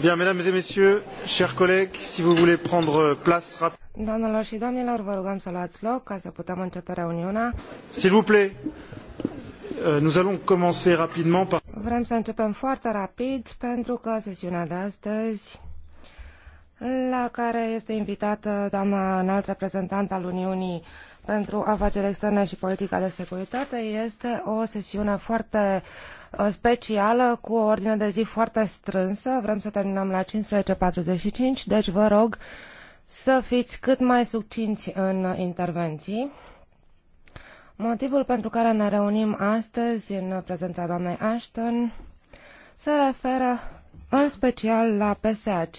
Bien, mesdames et messieurs, chers collègues, si vous voulez prendre place rapidement. Doamnelor și domnilor, vă rugăm să luați loc ca să putem începe reuniunea. S'il vous plaît, euh, nous allons commencer rapidement par... Vrem să începem foarte rapid pentru că sesiunea de astăzi la care este invitată doamna înalt reprezentant al Uniunii pentru afaceri externe și politica de securitate. Este o sesiune foarte Uh, specială cu o ordine de zi foarte strânsă. Vrem să terminăm la 15.45, deci vă rog să fiți cât mai succinți în intervenții. Motivul pentru care ne reunim astăzi în prezența doamnei Ashton se referă în special la PSAC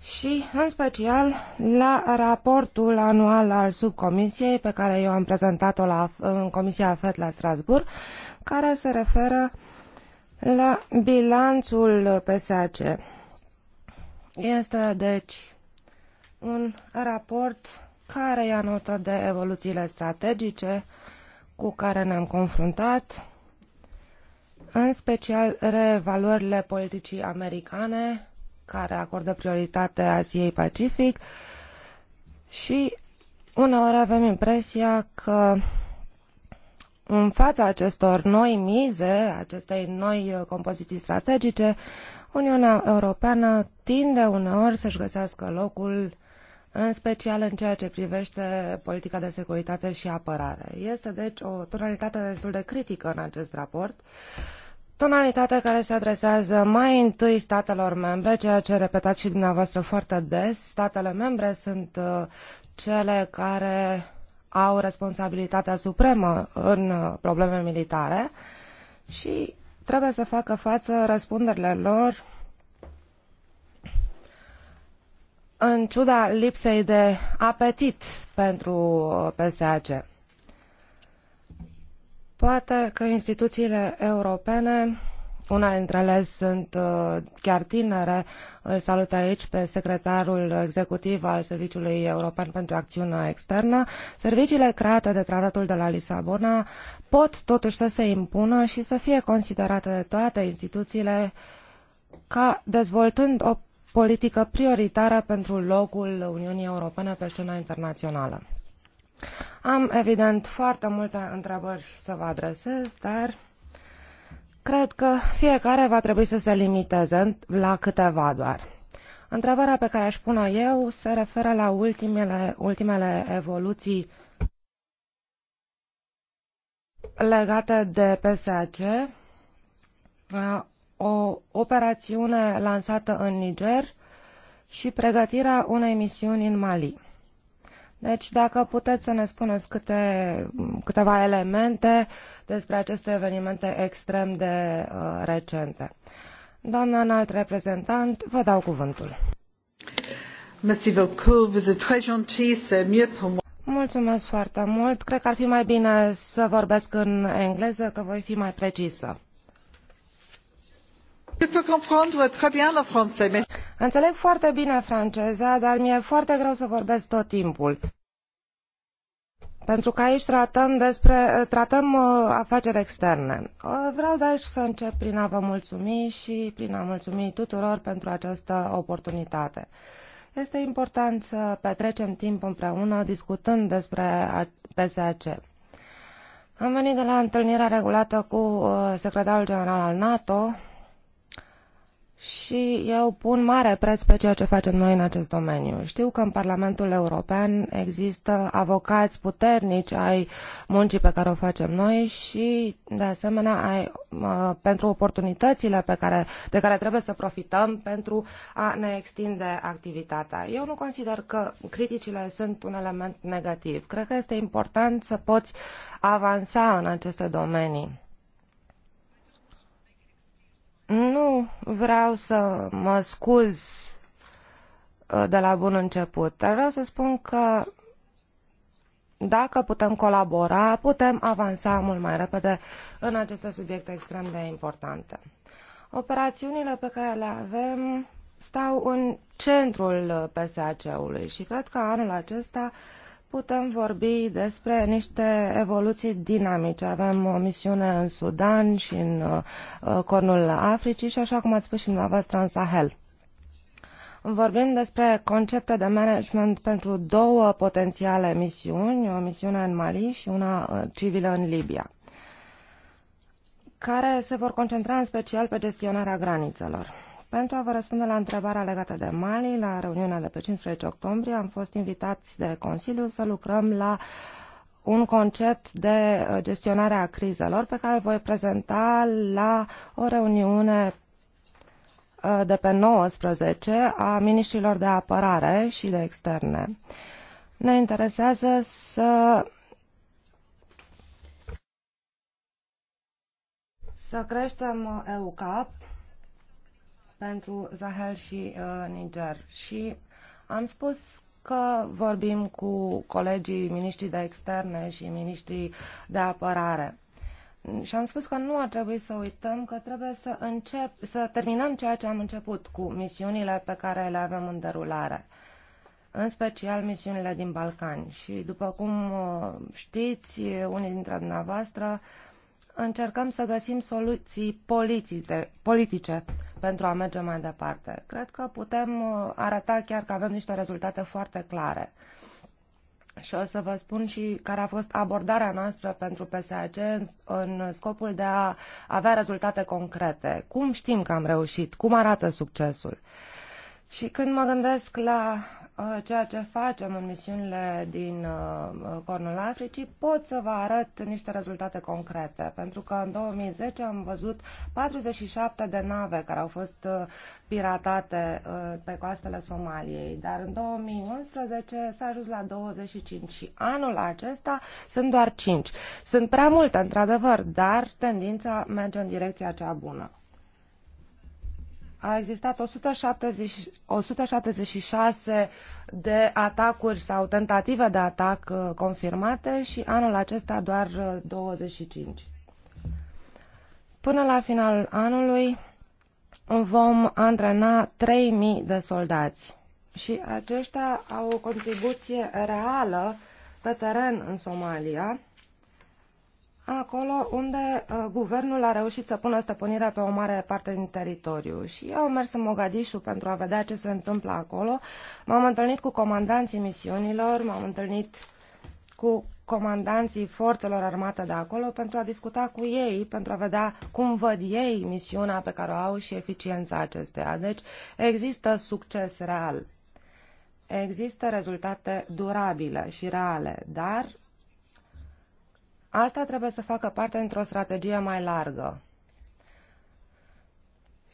și în special la raportul anual al subcomisiei pe care eu am prezentat-o la, în Comisia FED la Strasburg care se referă la bilanțul PSAC. Este, deci, un raport care ia notă de evoluțiile strategice cu care ne-am confruntat, în special reevaluările politicii americane, care acordă prioritate Asiei Pacific și uneori avem impresia că în fața acestor noi mize, acestei noi uh, compoziții strategice, Uniunea Europeană tinde uneori să-și găsească locul în special în ceea ce privește politica de securitate și apărare. Este deci o tonalitate destul de critică în acest raport, tonalitate care se adresează mai întâi statelor membre, ceea ce repetați și dumneavoastră foarte des. Statele membre sunt uh, cele care au responsabilitatea supremă în uh, probleme militare și trebuie să facă față răspunderile lor în ciuda lipsei de apetit pentru uh, PSAG. Poate că instituțiile europene una dintre ele sunt uh, chiar tinere. Îl salut aici pe secretarul executiv al Serviciului European pentru Acțiune Externă. Serviciile create de Tratatul de la Lisabona pot totuși să se impună și să fie considerate de toate instituțiile ca dezvoltând o politică prioritară pentru locul Uniunii Europene pe scena internațională. Am, evident, foarte multe întrebări să vă adresez, dar Cred că fiecare va trebui să se limiteze la câteva doar. Întrebarea pe care aș pune eu se referă la ultimele, ultimele evoluții legate de PSAC, o operațiune lansată în Niger și pregătirea unei misiuni în Mali. Deci, dacă puteți să ne spuneți câte, câteva elemente despre aceste evenimente extrem de uh, recente. Doamna înalt reprezentant, vă dau cuvântul. Mulțumesc foarte mult. Cred că ar fi mai bine să vorbesc în engleză, că voi fi mai precisă. Înțeleg foarte bine franceza, dar mi-e foarte greu să vorbesc tot timpul pentru că aici tratăm, despre, tratăm uh, afaceri externe. Uh, vreau deci să încep prin a vă mulțumi și prin a mulțumi tuturor pentru această oportunitate. Este important să petrecem timp împreună discutând despre PSAC. Am venit de la întâlnirea regulată cu uh, secretarul general al NATO și eu pun mare preț pe ceea ce facem noi în acest domeniu. Știu că în Parlamentul European există avocați puternici ai muncii pe care o facem noi și, de asemenea, ai, pentru oportunitățile pe care, de care trebuie să profităm pentru a ne extinde activitatea. Eu nu consider că criticile sunt un element negativ. Cred că este important să poți avansa în aceste domenii nu vreau să mă scuz uh, de la bun început, dar vreau să spun că dacă putem colabora, putem avansa mult mai repede în aceste subiecte extrem de importante. Operațiunile pe care le avem stau în centrul uh, PSAC-ului și cred că anul acesta uh, putem vorbi despre niște evoluții dinamice. Avem o misiune în Sudan și în uh, uh, Cornul Africii și, așa cum ați spus și dumneavoastră, în Sahel. Vorbim despre concepte de management pentru două potențiale misiuni, o misiune în Mali și una uh, civilă în Libia, care se vor concentra în special pe gestionarea granițelor. Pentru a vă răspunde la întrebarea legată de Mali, la reuniunea de pe 15 octombrie am fost invitați de Consiliu să lucrăm la un concept de uh, gestionare a crizelor pe care îl voi prezenta la o reuniune uh, de pe 19 a miniștrilor de apărare și de externe. Ne interesează să să creștem uh, EUCAP pentru Sahel și uh, Niger. Și am spus că vorbim cu colegii miniștrii de externe și miniștrii de apărare. Și am spus că nu ar trebui să uităm că trebuie să, încep, să terminăm ceea ce am început cu misiunile pe care le avem în derulare în special misiunile din Balcani. Și după cum uh, știți, unii dintre dumneavoastră, uh, încercăm să găsim soluții politice, politice pentru a merge mai departe. Cred că putem uh, arăta chiar că avem niște rezultate foarte clare. Și o să vă spun și care a fost abordarea noastră pentru PSAG în, în scopul de a avea rezultate concrete. Cum știm că am reușit? Cum arată succesul? Și când mă gândesc la Uh, ceea ce facem în misiunile din uh, uh, Cornul Africii, pot să vă arăt niște rezultate concrete, pentru că în 2010 am văzut 47 de nave care au fost piratate pe coastele Somaliei, dar în 2011 s-a ajuns la 25 și anul acesta sunt doar 5. Sunt prea multe, într-adevăr, dar tendința merge în direcția cea bună a existat 170, 176 de atacuri sau tentative de atac uh, confirmate și anul acesta doar 25. Uh, Până la finalul anului vom antrena 3000 de soldați și aceștia au o contribuție reală pe teren în Somalia acolo unde uh, guvernul a reușit să pună stăpânirea pe o mare parte din teritoriu. Și eu am mers în Mogadishu pentru a vedea ce se întâmplă acolo. M-am întâlnit cu comandanții misiunilor, m-am întâlnit cu comandanții forțelor armate de acolo pentru a discuta cu ei, pentru a vedea cum văd ei misiunea pe care o au și eficiența acesteia. Deci există succes real. Există rezultate durabile și reale, dar Asta trebuie să facă parte într-o strategie mai largă.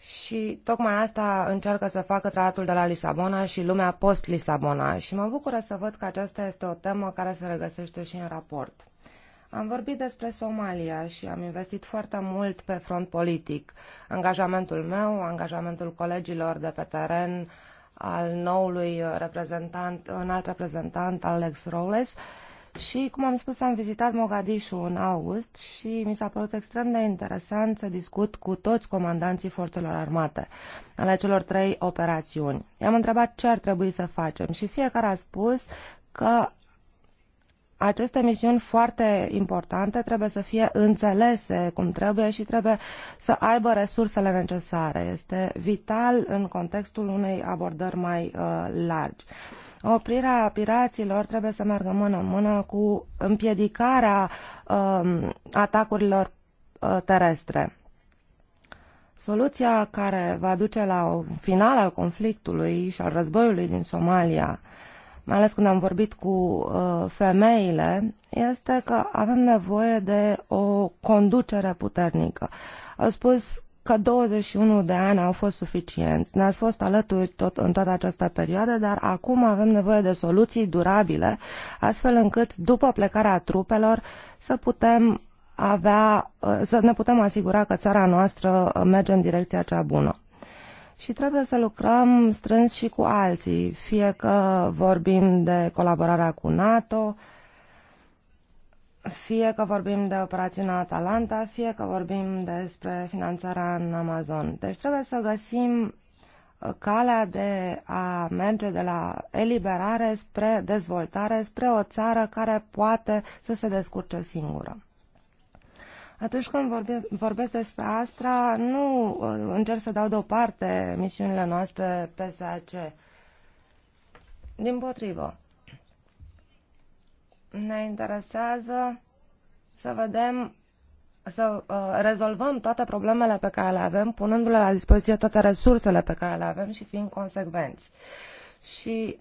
Și tocmai asta încearcă să facă tratatul de la Lisabona și lumea post-Lisabona și mă bucură să văd că aceasta este o temă care se regăsește și în raport. Am vorbit despre Somalia și am investit foarte mult pe front politic. Angajamentul meu, angajamentul colegilor de pe teren, al noului reprezentant, înalt reprezentant Alex Rowles, uh, și, cum am spus, am vizitat Mogadishu în august și mi s-a părut extrem de interesant să discut cu toți comandanții forțelor armate ale celor trei operațiuni. I-am întrebat ce ar trebui să facem și fiecare a spus că aceste misiuni foarte importante trebuie să fie înțelese cum trebuie și trebuie să aibă resursele necesare. Este vital în contextul unei abordări mai uh, largi. Uh, Oprirea piraților trebuie să meargă mână în mână cu împiedicarea uh, atacurilor uh, terestre. Soluția care va duce la un final al conflictului și al războiului din Somalia, mai ales când am vorbit cu uh, femeile, este că avem nevoie de o conducere puternică. Au spus că 21 de ani au fost suficienți. Ne-ați fost alături tot, în toată această perioadă, dar acum avem nevoie de soluții durabile, astfel încât, după plecarea trupelor, să putem avea, să ne putem asigura că țara noastră merge în direcția cea bună. Și trebuie să lucrăm strâns și cu alții, fie că vorbim de colaborarea cu NATO, fie că vorbim de operațiunea Atalanta, fie că vorbim despre finanțarea în Amazon. Deci trebuie să găsim uh, calea de a merge de la eliberare spre dezvoltare, spre o țară care poate să se descurce singură. Atunci când vorbesc, vorbesc despre asta, nu uh, încerc să dau deoparte misiunile noastre PSAC. Din potrivă, ne interesează să vedem să uh, rezolvăm toate problemele pe care le avem, punându-le la dispoziție toate resursele pe care le avem și fiind consecvenți. Și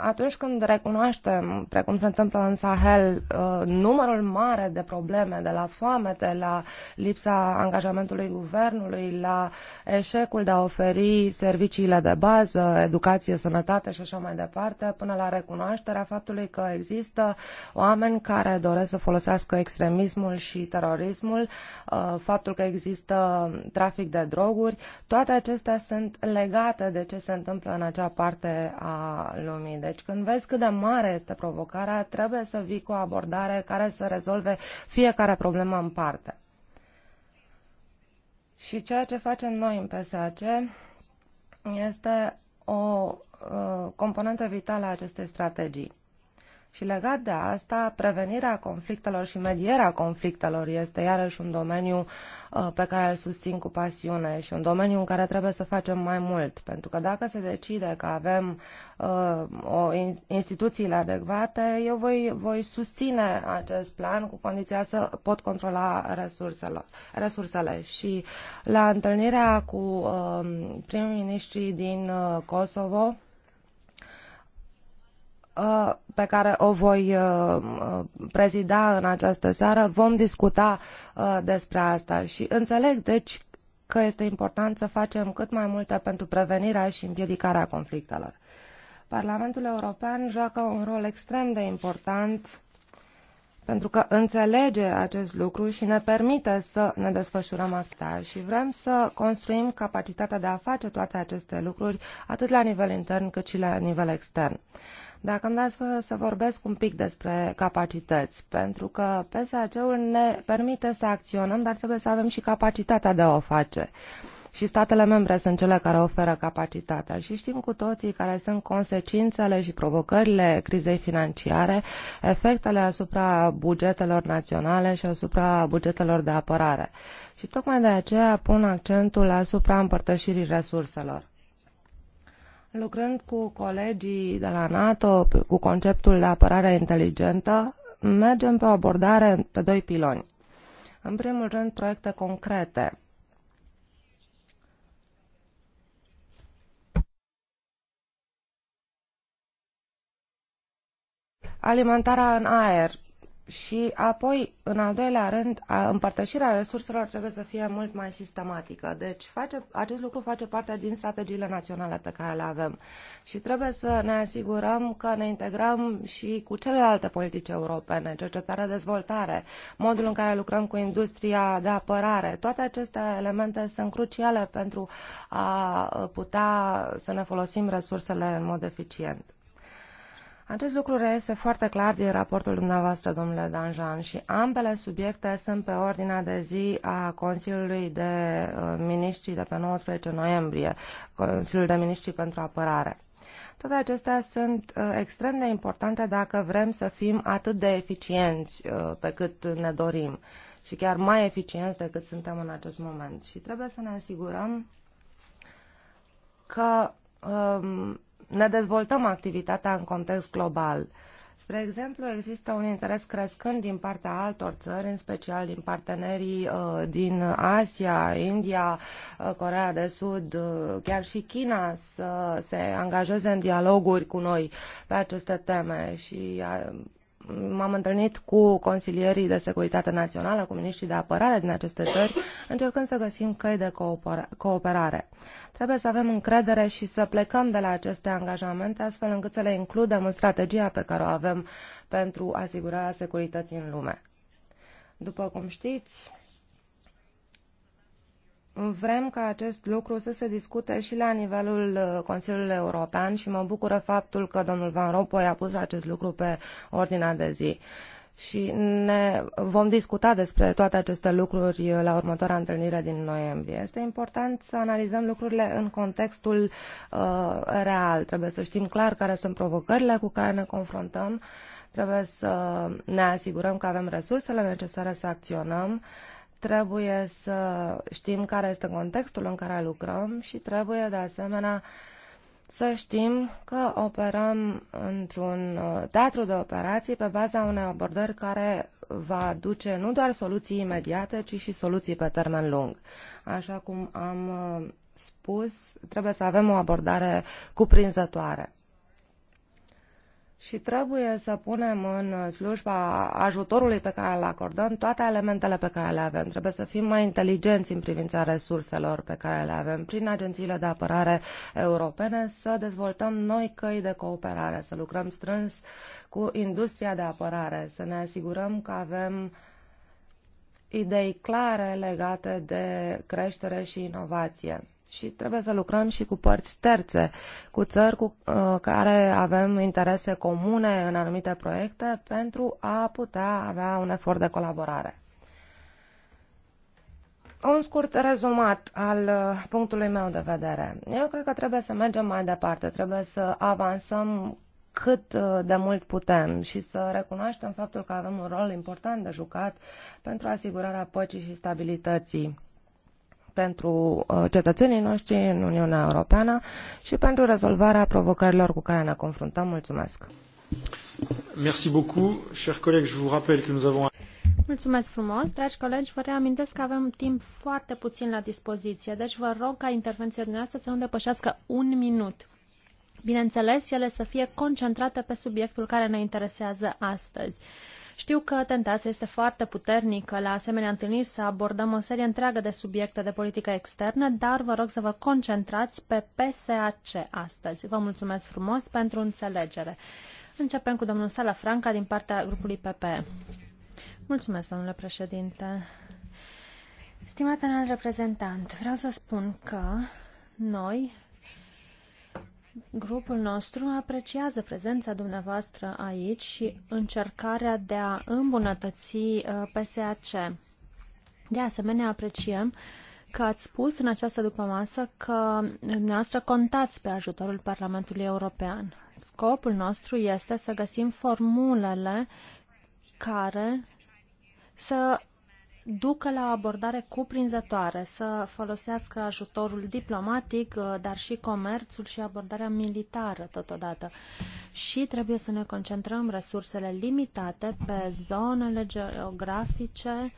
atunci când recunoaștem, precum se întâmplă în Sahel, uh, numărul mare de probleme, de la foamete, la lipsa angajamentului guvernului, la eșecul de a oferi serviciile de bază, educație, sănătate și așa mai departe, până la recunoașterea faptului că există oameni care doresc să folosească extremismul și terorismul, uh, faptul că există trafic de droguri, toate acestea sunt legate de ce se întâmplă în acea parte a lumii. Deci când vezi cât de mare este provocarea, trebuie să vii cu o abordare care să rezolve fiecare problemă în parte. Și ceea ce facem noi în PSAC este o uh, componentă vitală a acestei strategii. Și legat de asta, prevenirea conflictelor și medierea conflictelor este iarăși un domeniu uh, pe care îl susțin cu pasiune și un domeniu în care trebuie să facem mai mult. Pentru că dacă se decide că avem uh, o, instituțiile adecvate, eu voi, voi susține acest plan cu condiția să pot controla resurselor, resursele. Și la întâlnirea cu uh, prim-ministrii din uh, Kosovo, Uh, pe care o voi uh, uh, prezida în această seară vom discuta despre asta și înțeleg deci că este important să facem cât mai multe pentru prevenirea și împiedicarea conflictelor. Parlamentul European joacă un rol extrem de important pentru că înțelege acest lucru și ne permite să ne desfășurăm acta și vrem să construim capacitatea de a face toate aceste lucruri atât la nivel intern cât și la nivel extern. Uh, dacă îmi dați să vorbesc un pic despre capacități, pentru că PSAC-ul ne permite să acționăm, dar trebuie să avem și capacitatea de a o face. Și statele membre sunt cele care oferă capacitatea. Și știm cu toții care sunt consecințele și provocările crizei financiare, efectele asupra bugetelor naționale și asupra bugetelor de apărare. Și tocmai de aceea pun accentul asupra împărtășirii resurselor Lucrând cu colegii de la NATO cu conceptul de apărare inteligentă, mergem pe o abordare pe doi piloni. În primul rând, proiecte concrete. Alimentarea în aer, și apoi, în al doilea rând, împărtășirea resurselor trebuie să fie mult mai sistematică. Deci face, acest lucru face parte din strategiile naționale pe care le avem. Și trebuie să ne asigurăm că ne integrăm și cu celelalte politici europene, cercetare, dezvoltare, modul în care lucrăm cu industria de apărare. Toate aceste elemente sunt cruciale pentru a putea să ne folosim resursele în mod eficient. Acest lucru reiese foarte clar din raportul dumneavoastră, domnule Danjan, și ambele subiecte sunt pe ordinea de zi a Consiliului de uh, Ministri de pe 19 noiembrie, Consiliul de Ministri pentru Apărare. Toate acestea sunt uh, extrem de importante dacă vrem să fim atât de eficienți uh, pe cât ne dorim și chiar mai eficienți decât suntem în acest moment. Și trebuie să ne asigurăm că um, ne dezvoltăm activitatea în context global. Spre exemplu, există un interes crescând din partea altor țări, în special din partenerii uh, din Asia, India, uh, Corea de Sud, uh, chiar și China să se angajeze în dialoguri cu noi pe aceste teme și m-am întâlnit cu consilierii de securitate națională, cu miniștrii de apărare din aceste țări, încercând să găsim căi de cooperare. Trebuie să avem încredere și să plecăm de la aceste angajamente, astfel încât să le includem în strategia pe care o avem pentru asigurarea securității în lume. După cum știți, Vrem ca acest lucru să se discute și la nivelul uh, Consiliului European și mă bucură faptul că domnul Van Rompuy a pus acest lucru pe ordinea de zi. Și ne vom discuta despre toate aceste lucruri uh, la următoarea întâlnire din noiembrie. Este important să analizăm lucrurile în contextul uh, real. Trebuie să știm clar care sunt provocările cu care ne confruntăm. Trebuie să ne asigurăm că avem resursele necesare să acționăm. Uh, trebuie să știm care este contextul în care lucrăm și trebuie de asemenea să știm că operăm într-un uh, teatru de operații pe baza unei abordări care va aduce nu doar soluții imediate, ci și soluții pe termen lung. Așa cum am uh, spus, trebuie să avem o abordare cuprinzătoare și trebuie să punem în slujba ajutorului pe care îl acordăm toate elementele pe care le avem. Trebuie să fim mai inteligenți în privința resurselor pe care le avem prin agențiile de apărare europene, să dezvoltăm noi căi de cooperare, să lucrăm strâns cu industria de apărare, să ne asigurăm că avem idei clare legate de creștere și inovație și trebuie să lucrăm și cu părți terțe, cu țări cu uh, care avem interese comune în anumite proiecte pentru a putea avea un efort de colaborare. Un scurt rezumat al uh, punctului meu de vedere. Eu cred că trebuie să mergem mai departe, trebuie să avansăm cât uh, de mult putem și să recunoaștem faptul că avem un rol important de jucat pentru asigurarea păcii și stabilității pentru uh, cetățenii noștri în Uniunea Europeană și pentru rezolvarea provocărilor cu care ne confruntăm. Mulțumesc! Merci beaucoup, chers collègues, je vous rappelle que nous avons Mulțumesc frumos, dragi colegi. Vă reamintesc că avem timp foarte puțin la dispoziție, deci vă rog ca intervenția dumneavoastră să nu depășească un minut. Bineînțeles, ele să fie concentrate pe subiectul care ne interesează astăzi. Știu că tentația este foarte puternică la asemenea întâlniri să abordăm o serie întreagă de subiecte de politică externă, dar vă rog să vă concentrați pe PSAC astăzi. Vă mulțumesc frumos pentru înțelegere. Începem cu domnul Sala Franca din partea grupului PPE. Mulțumesc, domnule președinte. Stimată înalt reprezentant, vreau să spun că noi, Grupul nostru apreciază prezența dumneavoastră aici și încercarea de a îmbunătăți uh, PSAC. De asemenea, apreciem că ați spus în această dupămasă că dumneavoastră contați pe ajutorul Parlamentului European. Scopul nostru este să găsim formulele care să ducă la o abordare cuprinzătoare, să folosească ajutorul diplomatic, uh, dar și comerțul și abordarea militară totodată. Și trebuie să ne concentrăm resursele limitate pe zonele geografice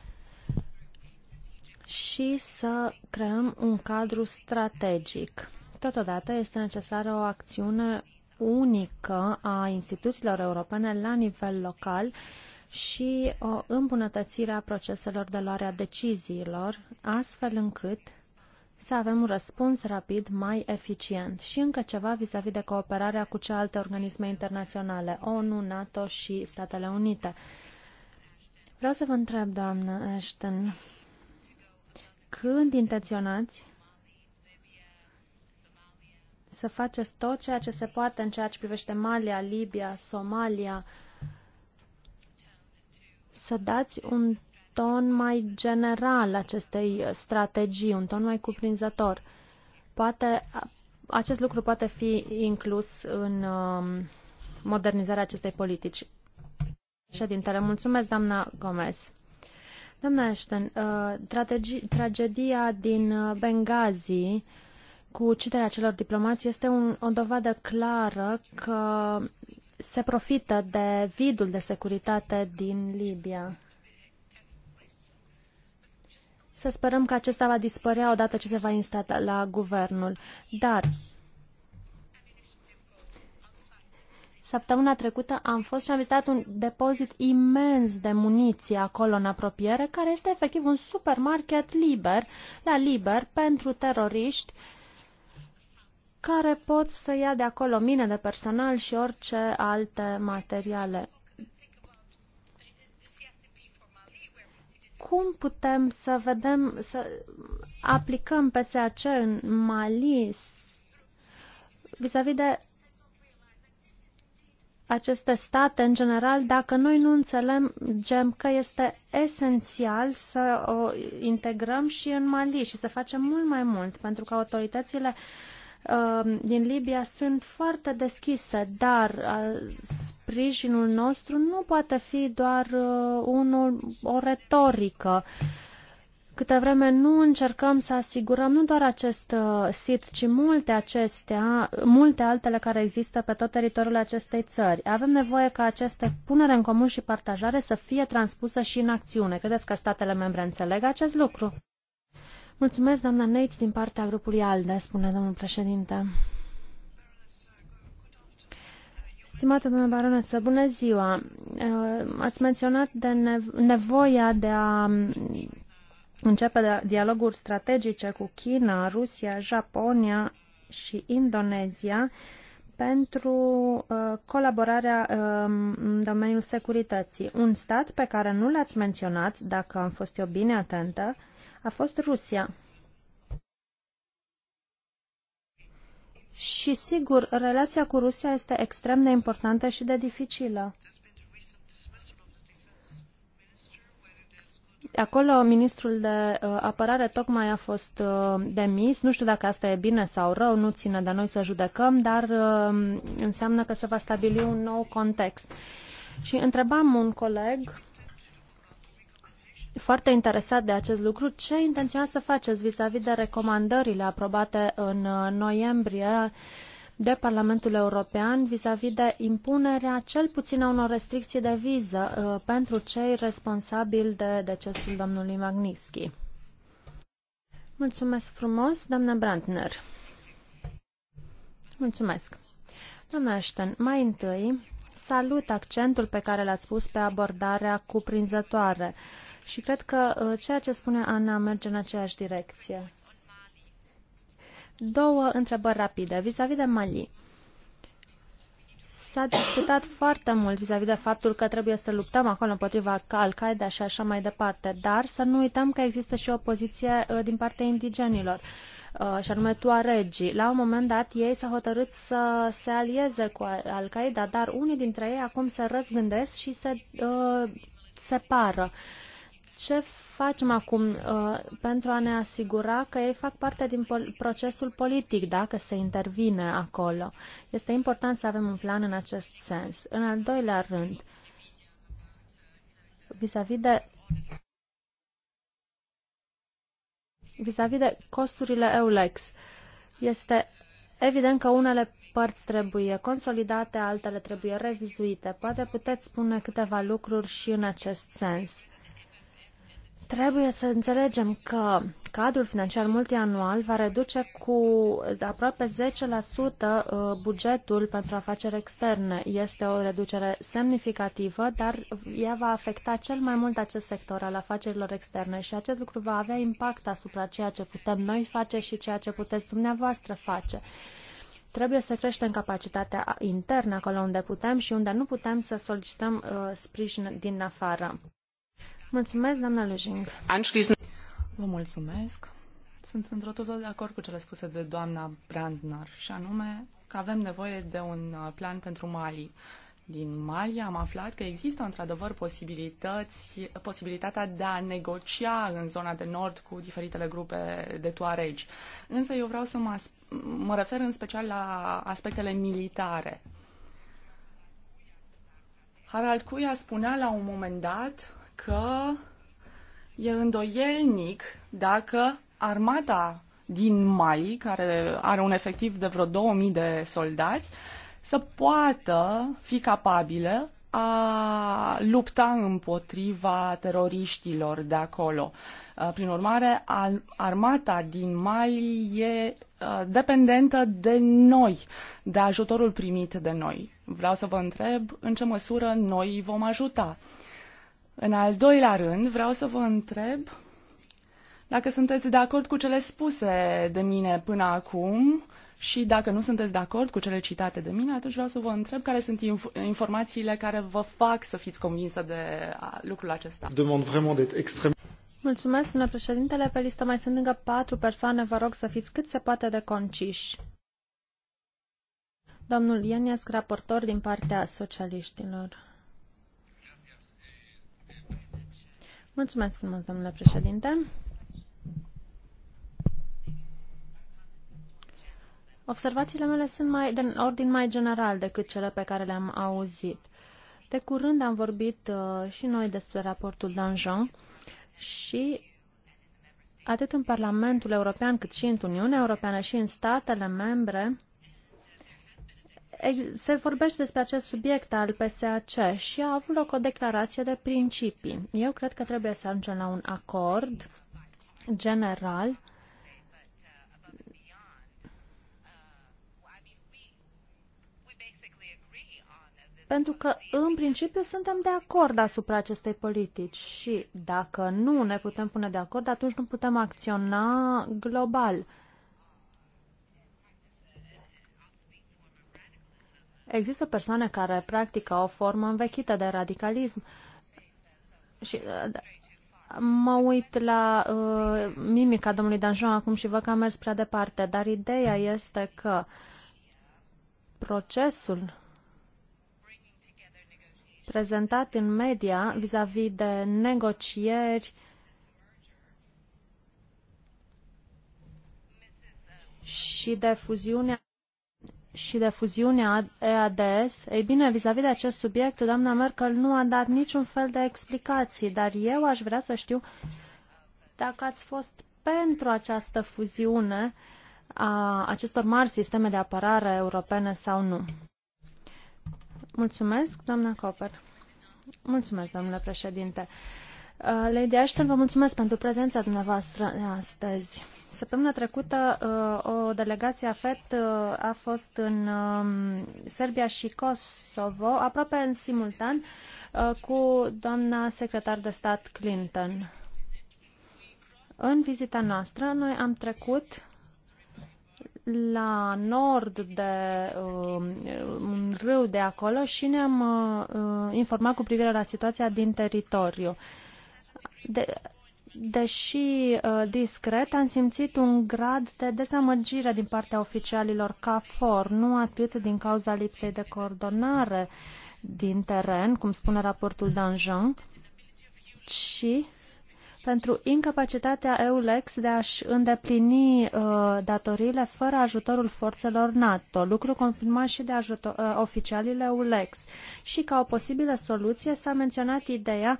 și să creăm un cadru strategic. Totodată este necesară o acțiune unică a instituțiilor europene la nivel local, uh, și o îmbunătățire a proceselor de luare a deciziilor, astfel încât să avem un răspuns rapid mai eficient. Și încă ceva vis-a-vis -vis de cooperarea cu celelalte organisme internaționale, ONU, NATO și Statele Unite. Vreau să vă întreb, doamnă Ashton, când intenționați să faceți tot ceea ce se poate în ceea ce privește Malia, Libia, Somalia, uh, să dați un ton mai general acestei strategii, un ton mai cuprinzător. Poate acest lucru poate fi inclus în um, modernizarea acestei politici. Ședintele, mulțumesc, doamna Gomez. Doamna Ashton, uh, tragedia din uh, Benghazi cu citerea celor diplomați este un, o dovadă clară că se profită de vidul de securitate din Libia. Să sperăm că acesta va dispărea odată ce se va instala la guvernul. Dar Săptămâna trecută am fost și am vizitat un depozit imens de muniție acolo în apropiere, care este efectiv un supermarket liber, la liber, pentru teroriști uh, care pot să ia de acolo mine de personal și orice alte materiale. Cum putem să vedem, să aplicăm PSAC în Mali vis-a-vis -vis de aceste state în general, dacă noi nu înțelegem că este esențial să o integrăm și în Mali și să facem mult mai mult, pentru că autoritățile uh, Um, din Libia sunt foarte deschise, dar uh, sprijinul nostru nu poate fi doar uh, unul, o retorică. Câte vreme nu încercăm să asigurăm nu doar acest uh, sit, ci multe acestea, multe altele care există pe tot teritoriul acestei țări. Avem nevoie ca aceste punere în comun și partajare să fie transpusă și în acțiune. Credeți că statele membre înțeleg acest lucru? Mulțumesc, doamna Neitz, din partea grupului ALDE, spune domnul președinte. Stimată doamnă baronesă, bună ziua! Uh, ați menționat de nevoia de a um, începe dialoguri strategice cu China, Rusia, Japonia și Indonezia pentru uh, colaborarea um, în domeniul securității. Un stat pe care nu l-ați menționat, dacă am fost eu bine atentă, a fost Rusia. Și sigur, relația cu Rusia este extrem de importantă și de dificilă. Acolo ministrul de uh, apărare tocmai a fost uh, demis. Nu știu dacă asta e bine sau rău, nu ține de noi să judecăm, dar uh, înseamnă că se va stabili un nou context. Și întrebam un coleg foarte interesat de acest lucru. Ce intenționați să faceți vis-a-vis -vis de recomandările aprobate în uh, noiembrie de Parlamentul European vis-a-vis -vis de impunerea cel puțin a unor restricții de viză uh, pentru cei responsabili de decesul domnului Magnitsky? Mulțumesc frumos, doamna Brandner. Mulțumesc. Doamna Ashton, mai întâi salut accentul pe care l-ați pus pe abordarea cuprinzătoare. Uh, și cred că uh, ceea ce spune Ana merge în aceeași direcție. Două întrebări rapide vis-a-vis -vis de Mali. S-a discutat foarte mult vis-a-vis -vis de faptul că trebuie să luptăm acolo împotriva Al-Qaeda și așa mai departe, dar să nu uităm că există și o poziție uh, din partea indigenilor uh, și anume Tuaregii. La un moment dat ei s-au hotărât să se alieze cu Al-Qaeda, dar unii dintre ei acum se răzgândesc și se uh, separă. Uh, ce facem acum uh, pentru a ne asigura că ei fac parte din pol- procesul politic, dacă se intervine acolo? Este important să avem un plan în acest sens. În al doilea rând, vis-a-vis -vis de vis a -vis de costurile EULEX, este evident că unele părți trebuie consolidate, altele trebuie revizuite. Poate puteți spune câteva lucruri și în acest sens. Trebuie să înțelegem că cadrul financiar multianual va reduce cu aproape 10% uh, bugetul pentru afaceri externe. Este o reducere semnificativă, dar ea va afecta cel mai mult acest sector al afacerilor externe și acest lucru va avea impact asupra ceea ce putem noi face și ceea ce puteți dumneavoastră face. Trebuie să creștem capacitatea internă acolo unde putem și unde nu putem să solicităm uh, sprijin din afară. Vă mulțumesc. Sunt într totul de acord cu cele spuse de doamna Brandner, și anume că avem nevoie de un uh, plan pentru Mali. Din Mali am aflat că există într-adevăr posibilități, posibilitatea de a negocia în zona de nord cu diferitele grupe de toaregi. Însă eu vreau să mă, mă refer în special la aspectele militare. Harald Cuia spunea la un moment dat că e îndoielnic dacă armata din Mali, care are un efectiv de vreo 2000 de soldați, să poată fi capabilă a lupta împotriva teroriștilor de acolo. Uh, prin urmare, armata din Mali e uh, dependentă de noi, de ajutorul primit de noi. Vreau să vă întreb în ce măsură noi vom ajuta. În al doilea rând, vreau să vă întreb dacă sunteți de acord cu cele spuse de mine până acum și dacă nu sunteți de acord cu cele citate de mine, atunci vreau să vă întreb care sunt inf- informațiile care vă fac să fiți convinsă de lucrul acesta. Demand vraiment d'être extrem... Mulțumesc, domnule președintele. Pe listă mai sunt încă patru persoane. Vă rog să fiți cât se poate de conciși. Domnul Ienias, raportor din partea socialiștilor. Mulțumesc frumos, domnule președinte. Observațiile mele sunt mai, de ordin mai general decât cele pe care le-am auzit. De curând am vorbit uh, și noi despre raportul Danjon și atât în Parlamentul European cât și în Uniunea Europeană și în statele membre se vorbește despre acest subiect al PSAC și a avut loc o declarație de principii. Eu cred că trebuie să ajungem la un acord general pentru că, în principiu, suntem de acord asupra acestei politici și dacă nu ne putem pune de acord, atunci nu putem acționa global. Există persoane care practică o formă învechită de radicalism și uh, mă uit la uh, mimica domnului Danjon acum și văd că am mers prea departe, dar ideea este că procesul prezentat în media vis-a-vis -vis de negocieri și de fuziunea și de fuziunea EADS, ei bine, vis-a-vis de acest subiect, doamna Merkel nu a dat niciun fel de explicații, dar eu aș vrea să știu dacă ați fost pentru această fuziune a acestor mari sisteme de apărare europene sau nu. Mulțumesc, doamna Copper. Mulțumesc, domnule președinte. Uh, Lady Ashton, vă mulțumesc pentru prezența dumneavoastră astăzi. Săptămâna trecută uh, o delegație a FET uh, a fost în um, Serbia și Kosovo, aproape în simultan, uh, cu doamna secretar de stat Clinton. În vizita noastră, noi am trecut la nord de um, un râu de acolo și ne-am informat cu privire la situația din teritoriu. De, deși uh, discret, am simțit un grad de dezamăgire din partea oficialilor CAFOR, nu atât din cauza lipsei de coordonare din teren, cum spune raportul Danjean, ci pentru incapacitatea EULEX de a-și îndeplini uh, datoriile fără ajutorul forțelor NATO, lucru confirmat și de ajutor, uh, oficialile EULEX. Și ca o posibilă soluție s-a menționat ideea uh,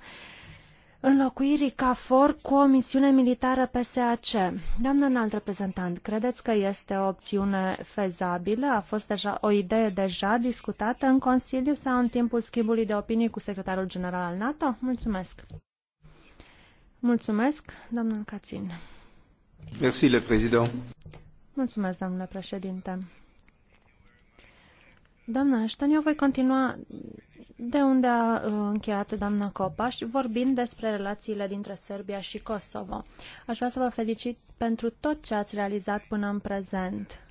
înlocuirii CAFOR cu o misiune militară PSAC. Doamnă înalt reprezentant, credeți că este o opțiune fezabilă? A fost deja o idee deja discutată în Consiliu sau în timpul schimbului de opinii cu secretarul general al NATO? Mulțumesc! Mulțumesc, domnul Cațin. Merci, le président. Mulțumesc, domnule președinte. Doamna Ashton, eu voi continua de unde a uh, încheiat doamna Copaș, vorbind despre relațiile dintre Serbia și Kosovo. Aș vrea să vă felicit pentru tot ce ați realizat până în prezent.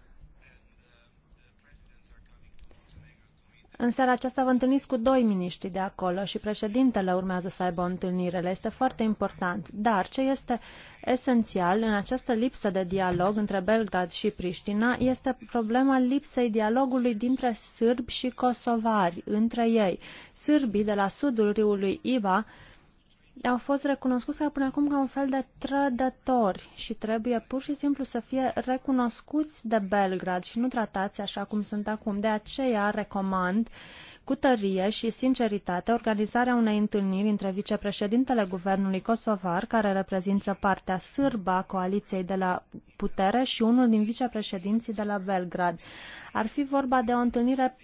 În seara aceasta vă întâlniți cu doi miniștri de acolo și președintele urmează să aibă o întâlnire. Le este foarte important. Dar ce este esențial în această lipsă de dialog între Belgrad și Priștina este problema lipsei dialogului dintre sârbi și kosovari, între ei. Sârbii de la sudul râului Iba au fost ca până acum ca un fel de trădători și trebuie pur și simplu să fie recunoscuți de Belgrad și nu tratați așa cum sunt acum. De aceea recomand cu tărie și sinceritate organizarea unei întâlniri între vicepreședintele guvernului Kosovar, care reprezintă partea sârbă a coaliției de la putere, și unul din vicepreședinții de la Belgrad. Ar fi vorba de o întâlnire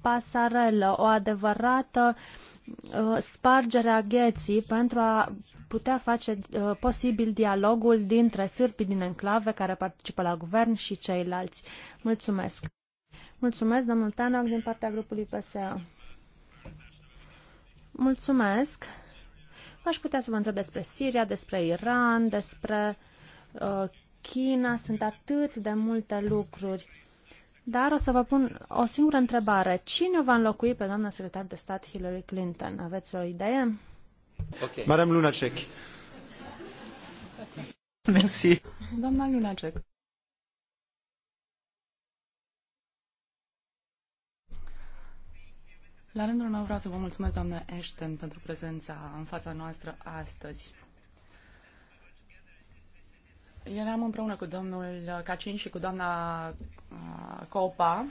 pasarelă, o adevărată uh, Uh, spargerea gheții pentru a putea face uh, posibil dialogul dintre sârpii din enclave care participă la guvern și ceilalți. Mulțumesc! Mulțumesc, domnul Tanoc, din partea grupului PSA. Mulțumesc! Aș putea să vă întreb despre Siria, despre Iran, despre uh, China. Sunt atât de multe lucruri dar o să vă pun o singură întrebare. Cine va înlocui pe doamna secretar de stat Hillary Clinton? Aveți o idee? Okay. Madame Lunacek. Merci. Doamna Lunacek. La rândul meu vreau să vă mulțumesc, doamnă Ashton, pentru prezența în fața noastră astăzi. Eram împreună cu domnul Cacin și cu doamna uh, Copa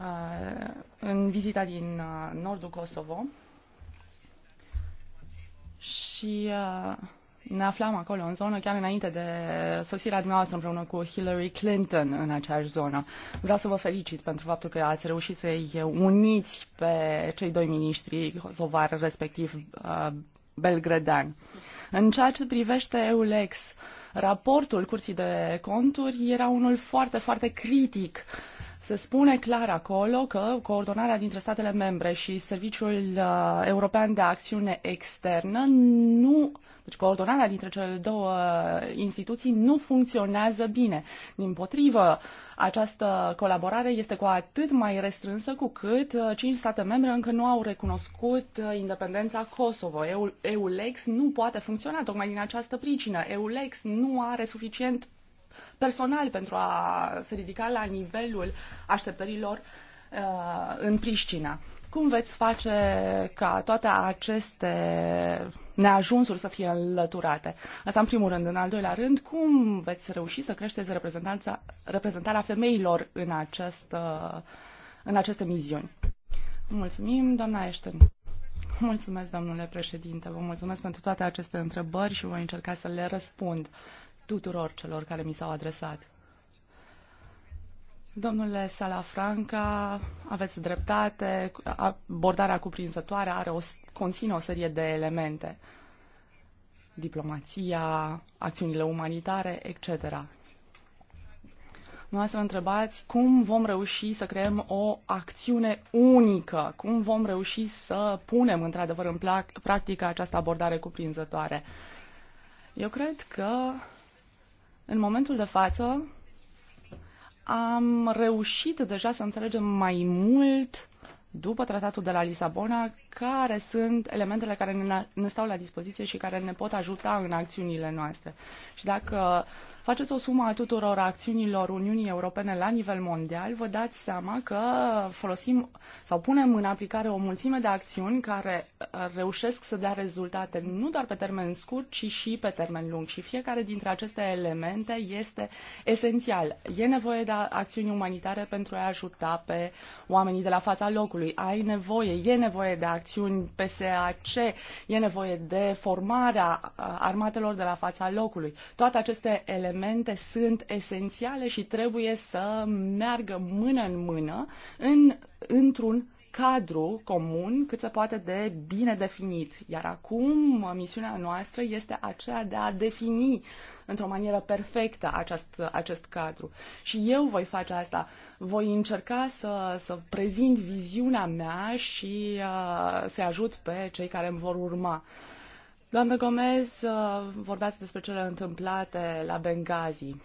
uh, în vizita din uh, nordul Kosovo și ne aflam acolo în zonă chiar înainte de sosirea dumneavoastră împreună cu Hillary Clinton în aceeași zonă. Vreau să vă felicit pentru faptul că ați reușit să-i uniți pe cei doi miniștri kosovari, respectiv uh, în ceea ce privește EULEX, raportul Curții de Conturi era unul foarte, foarte critic se spune clar acolo că coordonarea dintre statele membre și Serviciul uh, European de Acțiune Externă nu deci coordonarea dintre cele două instituții nu funcționează bine. Din potrivă, această colaborare este cu atât mai restrânsă cu cât uh, cinci state membre încă nu au recunoscut uh, independența Kosovo. EULEX nu poate funcționa tocmai din această pricină. EULEX nu are suficient personal pentru a se ridica la nivelul așteptărilor uh, în Priștina. Cum veți face ca toate aceste neajunsuri să fie înlăturate? Asta în primul rând. În al doilea rând, cum veți reuși să creșteți reprezentanța, reprezentarea femeilor în, acest, uh, în aceste miziuni? Mulțumim, doamna Ashton. Mulțumesc, domnule președinte. Vă mulțumesc pentru toate aceste întrebări și voi încerca să le răspund. Uh, tuturor celor care mi s-au adresat. Domnule Salafranca, aveți dreptate, abordarea cuprinzătoare are o, conține o serie de elemente. Diplomația, acțiunile umanitare, etc. Noastră întrebați cum vom reuși să creăm o acțiune unică, cum vom reuși să punem într-adevăr în practică această abordare cuprinzătoare. Eu cred că în momentul de față am reușit deja să înțelegem mai mult după tratatul de la Lisabona care sunt elementele care ne stau la dispoziție și care ne pot ajuta în acțiunile noastre. Și dacă uh, Faceți o sumă a tuturor acțiunilor Uniunii Europene la nivel mondial, vă dați seama că folosim sau punem în aplicare o mulțime de acțiuni care uh, reușesc să dea rezultate nu doar pe termen scurt, ci și pe termen lung. Și fiecare dintre aceste elemente este esențial. E nevoie de acțiuni umanitare pentru a ajuta pe oamenii de la fața locului. Ai nevoie, e nevoie de acțiuni PSAC, e nevoie de formarea uh, armatelor de la fața locului. Toate aceste elemente elemente sunt esențiale și trebuie să meargă mână în mână în, într-un cadru comun cât se poate de bine definit. Iar acum misiunea noastră este aceea de a defini într-o manieră perfectă acest, acest cadru. Și eu voi face asta. Voi încerca să, să prezint viziunea mea și uh, să ajut pe cei care îmi vor urma. Uh, Doamnă Gomez, uh, vorbeați despre cele întâmplate la Benghazi.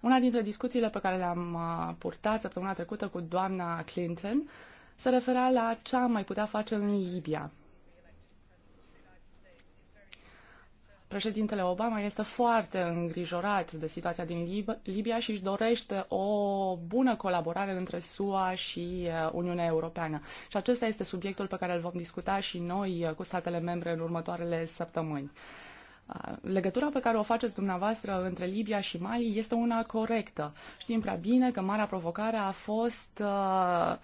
Una dintre discuțiile pe care le-am uh, purtat săptămâna trecută cu doamna Clinton se refera la ce am mai putea face în Libia. Președintele Obama este foarte îngrijorat de situația din Lib- Libia și își dorește o bună colaborare între SUA și uh, Uniunea Europeană. Și acesta este subiectul pe care îl vom discuta și noi uh, cu statele membre în următoarele săptămâni. Uh, legătura pe care o faceți dumneavoastră între Libia și Mali este una corectă. Știm prea bine că marea provocare a fost uh,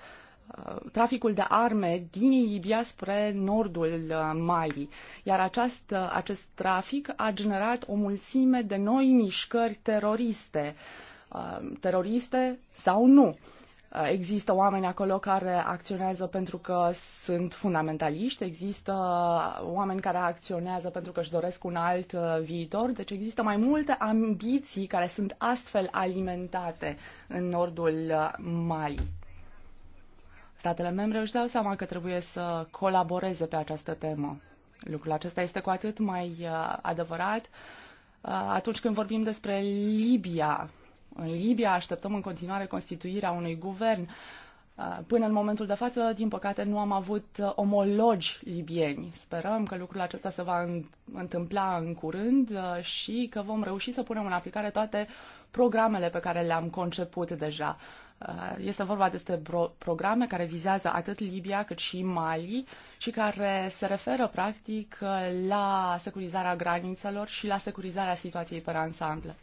traficul de arme din Libia spre nordul uh, Mali. Iar acest, uh, acest trafic a generat o mulțime de noi mișcări teroriste, uh, teroriste sau nu. Există oameni acolo care acționează pentru că sunt fundamentaliști, există oameni care acționează pentru că își doresc un alt viitor, deci există mai multe ambiții care sunt astfel alimentate în nordul Mali. Statele membre își dau seama că trebuie să colaboreze pe această temă. Lucrul acesta este cu atât mai uh, adevărat uh, atunci când vorbim despre Libia. În Libia așteptăm în continuare constituirea unui guvern. Uh, până în momentul de față, din păcate, nu am avut omologi libieni. Sperăm că lucrul acesta se va întâmpla în curând și că vom reuși să punem în aplicare toate programele pe care le-am conceput deja. Uh, este vorba despre programe care vizează atât Libia cât și Mali și care se referă practic la securizarea granițelor și la securizarea situației pe ansamblu.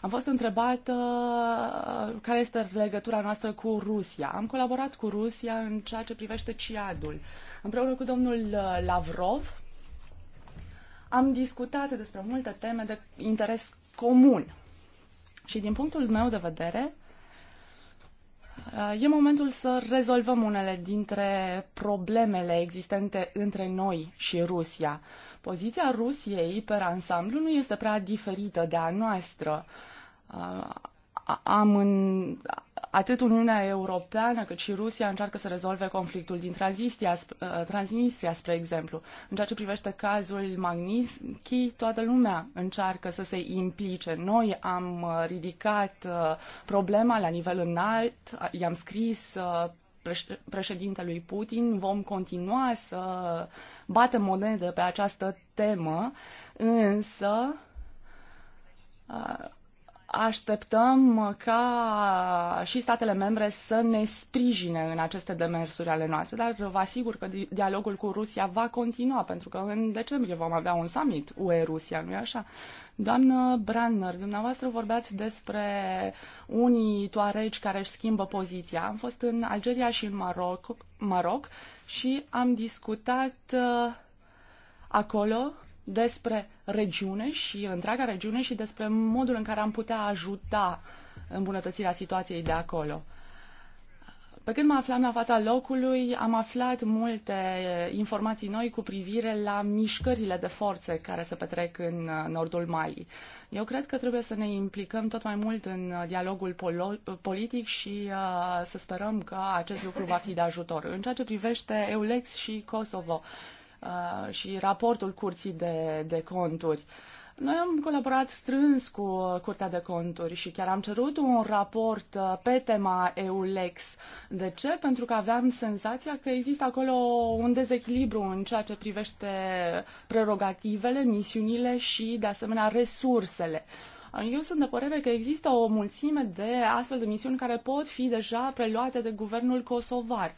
Am fost întrebat uh, care este legătura noastră cu Rusia. Am colaborat cu Rusia în ceea ce privește CIADUL. Împreună cu domnul uh, Lavrov am discutat despre multe teme de interes comun. Și din punctul meu de vedere, Uh, e momentul să rezolvăm unele dintre problemele existente între noi și Rusia. Poziția Rusiei, pe ansamblu, nu este prea diferită de a noastră. Uh, am în, atât Uniunea Europeană cât și Rusia încearcă să rezolve conflictul din Transnistria, uh, Transnistria spre exemplu. În ceea ce privește cazul Magnitsky, toată lumea încearcă să se implice. Noi am uh, ridicat uh, problema la nivel înalt, i-am scris președintelui Putin, vom continua să batem monede pe această temă, însă așteptăm ca și statele membre să ne sprijine în aceste demersuri ale noastre, dar vă asigur că dialogul cu Rusia va continua, pentru că în decembrie vom avea un summit UE-Rusia, nu-i așa? Doamnă Branner, dumneavoastră vorbeați despre unii toareci care își schimbă poziția. Am fost în Algeria și în Maroc, Maroc și am discutat uh, acolo despre regiune și întreaga regiune și despre modul în care am putea ajuta îmbunătățirea situației de acolo. Pe când mă aflam la fața locului, am aflat multe informații noi cu privire la mișcările de forțe care se petrec în uh, nordul Mali. Eu cred că trebuie să ne implicăm tot mai mult în uh, dialogul uh, politic și uh, să sperăm că acest lucru va fi de ajutor. În ceea ce privește Eulex și Kosovo, Uh, și raportul Curții de, de Conturi. Noi am colaborat strâns cu Curtea de Conturi și chiar am cerut un raport uh, pe tema EULEX. De ce? Pentru că aveam senzația că există acolo un dezechilibru în ceea ce privește prerogativele, misiunile și, de asemenea, resursele. Uh, eu sunt de părere că există o mulțime de astfel de misiuni care pot fi deja preluate de guvernul kosovar.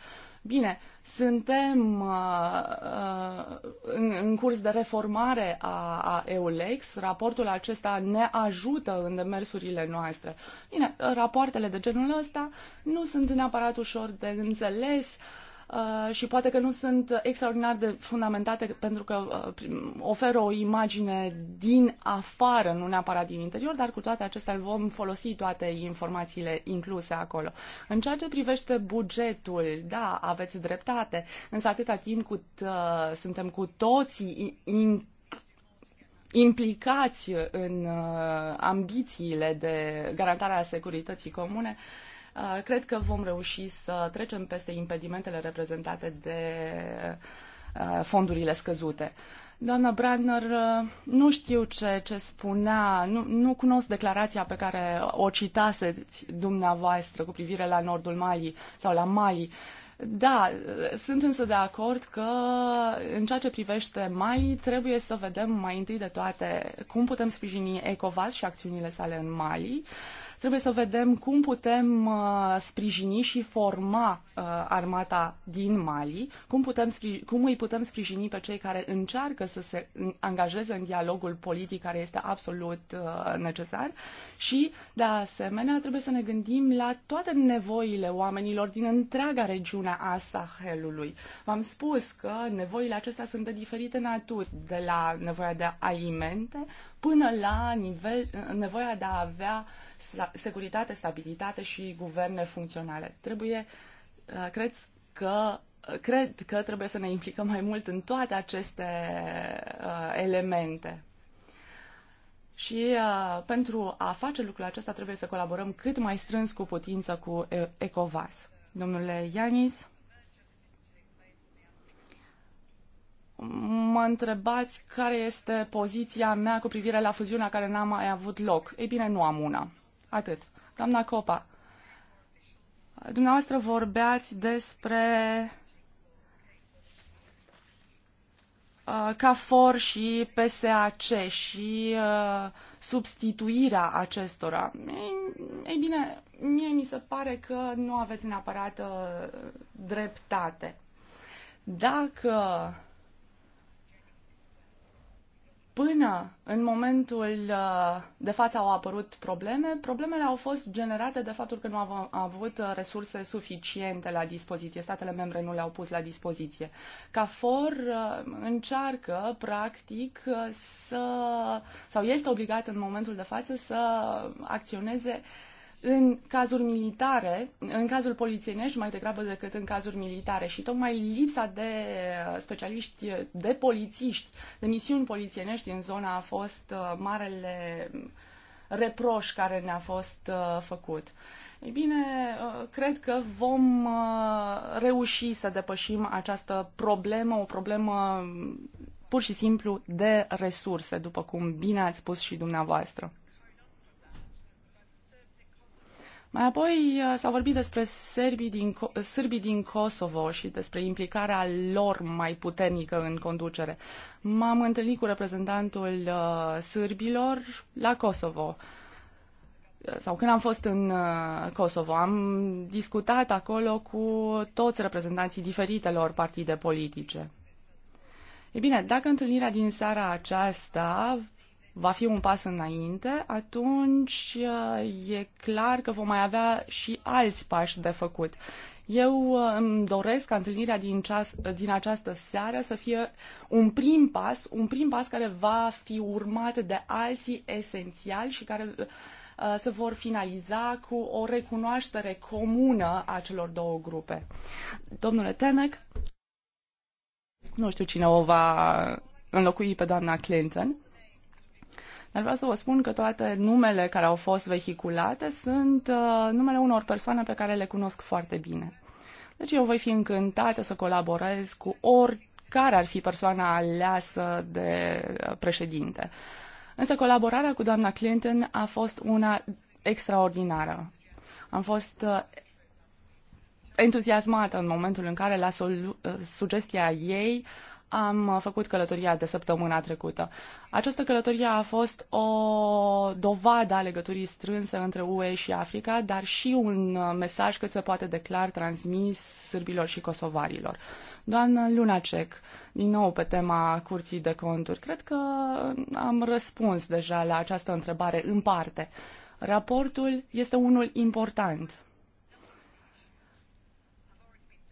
Bine, suntem uh, uh, în, în curs de reformare a, a EULEX. Raportul acesta ne ajută în demersurile noastre. Bine, rapoartele de genul ăsta nu sunt neapărat ușor de înțeles. Uh, Uh, și poate că nu sunt extraordinar de fundamentate pentru că uh, oferă o imagine din afară, nu neapărat din interior, dar cu toate acestea vom folosi toate informațiile incluse acolo. În ceea ce privește bugetul, da, aveți dreptate, însă atâta timp cât uh, suntem cu toții in, implicați în uh, ambițiile de garantare a securității comune, uh, Uh, cred că vom reuși să trecem peste impedimentele reprezentate de uh, fondurile scăzute. Doamna Brandner, uh, nu știu ce, ce spunea, nu, nu cunosc declarația pe care o citaseți dumneavoastră cu privire la nordul Mali sau la Mali. Da, sunt însă de acord că în ceea ce privește Mali trebuie să vedem mai întâi de toate cum putem sprijini ECOVAS și acțiunile sale în Mali. Uh, Trebuie să vedem cum putem uh, sprijini și forma uh, armata din Mali, cum, putem, cum îi putem sprijini pe cei care încearcă să se angajeze în dialogul politic care este absolut uh, necesar și, de asemenea, trebuie să ne gândim la toate nevoile oamenilor din întreaga regiune a Sahelului. V-am spus că nevoile acestea sunt de diferite naturi, de la nevoia de alimente până la nivel, nevoia de a avea securitate, stabilitate și guverne funcționale. Trebuie, uh, cred că, uh, cred că trebuie să ne implicăm mai mult în toate aceste uh, elemente. Și pentru a face lucrul acesta trebuie să colaborăm cât mai strâns cu putință cu ECOVAS. Domnule Ianis, mă întrebați care este poziția mea cu privire la fuziunea care n-a mai avut loc. Ei bine, nu am una. Atât. Doamna Copa, dumneavoastră vorbeați despre uh, CAFOR și PSAC și uh, substituirea acestora. Ei, ei bine, mie mi se pare că nu aveți neapărat uh, dreptate. Dacă Până în momentul uh, de față au apărut probleme. Problemele au fost generate de faptul că nu au avut uh, resurse suficiente la dispoziție. Statele membre nu le-au pus la dispoziție. CAFOR uh, încearcă, practic, să, sau este obligat în momentul de față să acționeze în cazuri militare, în cazul polițienești mai degrabă decât în cazuri militare și tocmai lipsa de uh, specialiști, uh, de polițiști, de misiuni polițienești în zona a fost uh, marele mm, reproș care ne-a fost făcut. Ei bine, cred că vom reuși să depășim această problemă, o problemă mm, pur și simplu de resurse, după cum bine ați spus și dumneavoastră. Mai apoi uh, s-a vorbit despre serbii din, sârbii din Kosovo și despre implicarea lor mai puternică în conducere. M-am întâlnit cu reprezentantul uh, sârbilor la Kosovo uh, sau când am fost în Kosovo, am discutat acolo cu toți reprezentanții diferitelor partide politice. Ei bine, dacă întâlnirea din seara aceasta va fi un pas înainte, atunci uh, e clar că vom mai avea și alți pași de făcut. Eu uh, îmi doresc ca întâlnirea din, ceas, din această seară să fie un prim pas, un prim pas care va fi urmat de alții esențiali și care uh, se vor finaliza cu o recunoaștere comună a celor două grupe. Domnule Tenec, nu știu cine o va înlocui pe doamna Clinton. Dar vreau să vă spun că toate numele care au fost vehiculate sunt uh, numele unor persoane pe care le cunosc foarte bine. Deci eu voi fi încântată să colaborez cu oricare ar fi persoana aleasă de uh, președinte. Însă colaborarea cu doamna Clinton a fost una extraordinară. Am fost uh, entuziasmată în momentul în care la uh, sugestia ei uh, am făcut călătoria de săptămâna trecută. Această călătorie a fost o dovadă a legăturii strânse între UE și Africa, dar și un mesaj cât se poate de clar transmis sârbilor și kosovarilor. Doamnă Lunacek, din nou pe tema Curții de Conturi, cred că am răspuns deja la această întrebare în parte. Raportul este unul important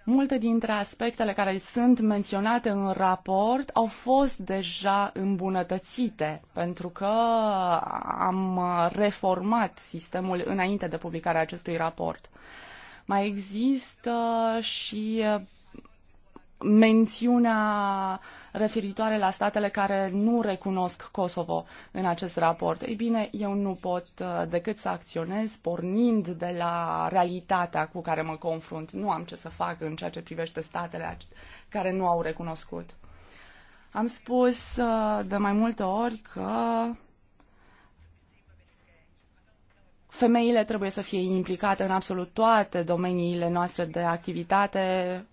Multe dintre aspectele care sunt menționate în raport au fost deja îmbunătățite pentru că am reformat sistemul înainte de publicarea acestui raport. Mai există și mențiunea referitoare la statele care nu recunosc Kosovo în acest raport. Ei bine, eu nu pot uh, decât să acționez pornind de la realitatea cu care mă confrunt. Nu am ce să fac în ceea ce privește statele care nu au recunoscut. Am spus uh, de mai multe ori că femeile trebuie să fie implicate în absolut toate domeniile noastre de activitate,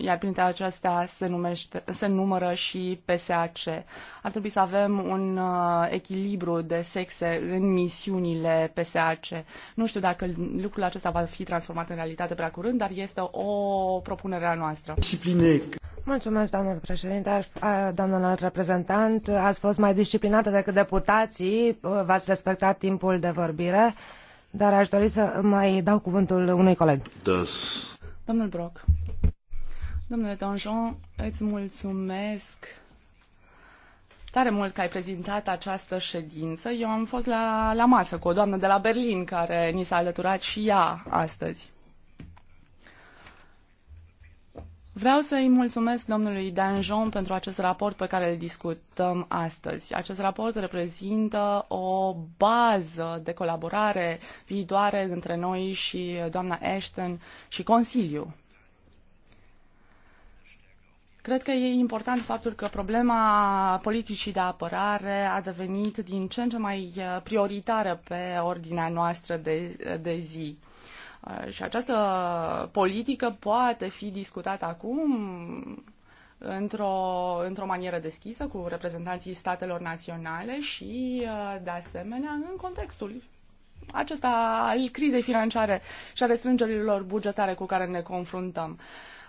iar printre acestea se, numește, se numără și PSAC. Ar trebui să avem un uh, echilibru de sexe în misiunile PSAC. Nu știu dacă lucrul acesta va fi transformat în realitate prea curând, dar este o propunere a noastră. Disciplinec. Mulțumesc, doamnă președinte, doamnă reprezentant. Ați fost mai disciplinată decât deputații, v-ați respectat timpul de vorbire, dar aș dori să mai dau cuvântul unui coleg. Das. Domnul Brock. Domnule Donjon, îți mulțumesc tare mult că ai prezentat această ședință. Eu am fost la, la masă cu o doamnă de la Berlin care ni s-a alăturat și ea astăzi. Vreau să îi mulțumesc domnului Danjon pentru acest raport pe care îl discutăm astăzi. Acest raport reprezintă o bază de colaborare viitoare între noi și doamna Ashton și Consiliu. Cred că e important faptul că problema politicii de apărare a devenit din ce în ce mai uh, prioritară pe ordinea noastră de, uh, de zi. Uh, și această politică poate fi discutată acum într-o, într-o manieră deschisă cu reprezentanții statelor naționale și, de asemenea, în contextul acesta al crizei financiare și a restrângerilor bugetare cu care ne confruntăm. Uh,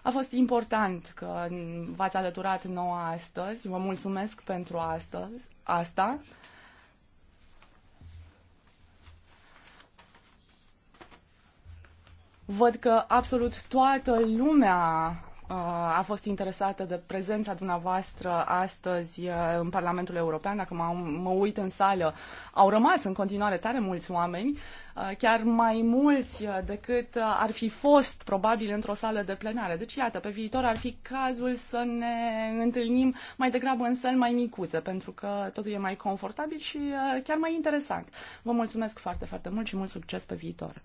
a fost important că v-ați alăturat nouă astăzi. Vă mulțumesc pentru astăzi, asta. Văd că absolut toată lumea Uh, a fost interesată de prezența dumneavoastră astăzi uh, în Parlamentul European. Dacă mă uit în sală, au rămas în continuare tare mulți oameni, uh, chiar mai mulți decât ar fi fost probabil într-o sală de plenare. Deci, iată, pe viitor ar fi cazul să ne întâlnim mai degrabă în săli mai micuțe, pentru că totul e mai confortabil și chiar mai interesant. Vă mulțumesc foarte, foarte mult și mult succes pe viitor!